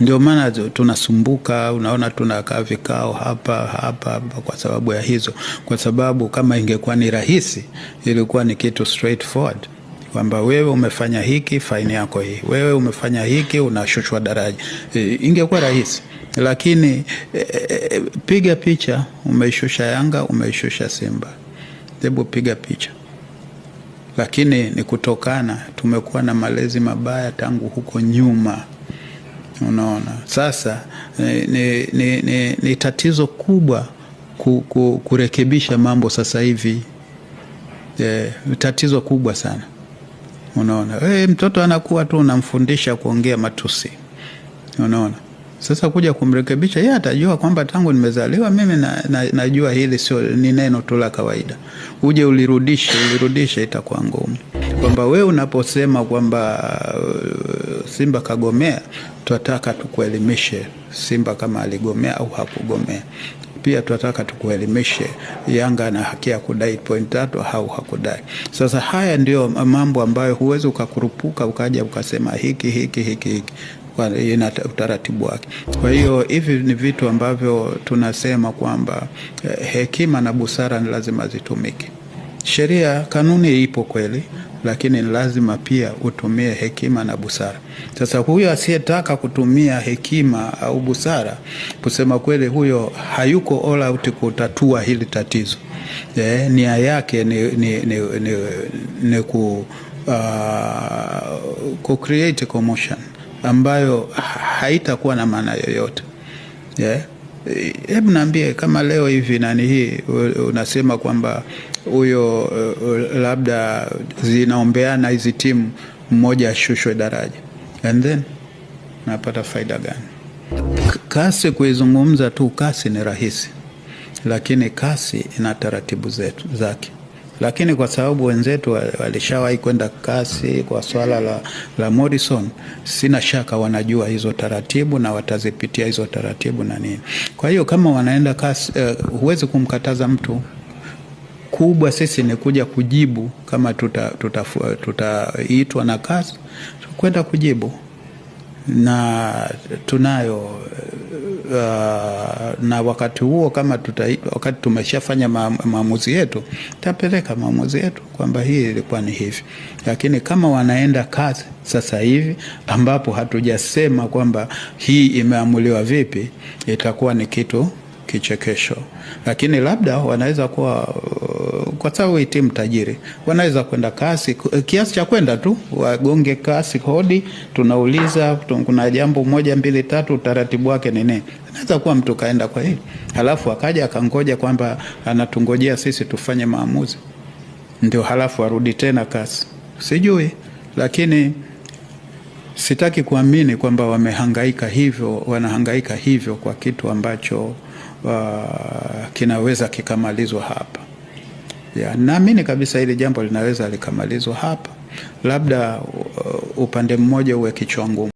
Ndio maana tunasumbuka, unaona, tunakaa vikao hapa hapa hapa kwa sababu ya hizo, kwa sababu kama ingekuwa ni rahisi, ilikuwa ni kitu straightforward kwamba wewe umefanya hiki, faini yako hii, wewe umefanya hiki, unashushwa daraja. E, ingekuwa rahisi, lakini e, e, e, piga picha, umeishusha Yanga, umeishusha Simba, hebu piga picha lakini ni kutokana tumekuwa na malezi mabaya tangu huko nyuma. Unaona, sasa ni, ni, ni, ni tatizo kubwa ku, ku, kurekebisha mambo sasa hivi e, tatizo kubwa sana. Unaona e, mtoto anakuwa tu unamfundisha kuongea matusi, unaona sasa kuja kumrekebisha ye atajua kwamba tangu nimezaliwa mimi na, na, najua hili sio, ni neno tu la kawaida. Uje ulirudishe ulirudishe, itakuwa ngumu kwamba wewe unaposema kwamba uh, Simba kagomea, tunataka tukuelimishe Simba kama aligomea au hakugomea. Pia tunataka tukuelimishe Yanga ana haki ya kudai point tatu au hakudai. Sasa haya ndio mambo ambayo huwezi ukakurupuka ukaja ukasema hiki hiki hiki hiki ina utaratibu wake. Kwa hiyo hivi ni vitu ambavyo tunasema kwamba eh, hekima na busara ni lazima zitumike. Sheria, kanuni ipo kweli, lakini lazima pia utumie hekima na busara. Sasa huyo asiyetaka kutumia hekima au busara, kusema kweli, huyo hayuko all out kutatua hili tatizo. E, nia yake ni, ni, ni, ni, ni ku, uh, create commotion ambayo haitakuwa na maana yoyote yeah hebu naambie kama leo hivi nani hii unasema kwamba huyo eh, labda zinaombeana hizi timu mmoja ashushwe daraja and then napata faida gani? Kasi kuizungumza tu, kasi ni rahisi, lakini kasi ina taratibu zetu zake lakini kwa sababu wenzetu walishawahi kwenda kasi kwa swala la, la Morrison, sina shaka wanajua hizo taratibu na watazipitia hizo taratibu na nini. Kwa hiyo kama wanaenda kasi, uh, huwezi kumkataza mtu kubwa sisi ni kuja kujibu kama tutaitwa tuta, tuta na kasi kwenda kujibu, na tunayo uh, na wakati huo kama tuta, wakati tumeshafanya maamuzi yetu tapeleka maamuzi yetu kwamba hii ilikuwa ni hivi, lakini kama wanaenda kazi sasa hivi ambapo hatujasema kwamba hii imeamuliwa vipi, itakuwa ni kitu kichekesho, lakini labda wanaweza kuwa kwa sababu hii timu tajiri wanaweza kwenda kasi kiasi cha kwenda tu wagonge kasi hodi, tunauliza kuna jambo moja mbili tatu, utaratibu wake ni nini? Anaweza kuwa mtu kaenda kwa hili halafu akaja akangoja kwamba anatungojea sisi tufanye maamuzi, ndio halafu arudi tena kasi, sijui lakini sitaki kuamini kwamba wamehangaika hivyo, wanahangaika hivyo kwa kitu ambacho Uh, kinaweza kikamalizwa hapa yeah. Naamini kabisa hili jambo linaweza likamalizwa hapa, labda uh, upande mmoja uwe kichwa ngumu.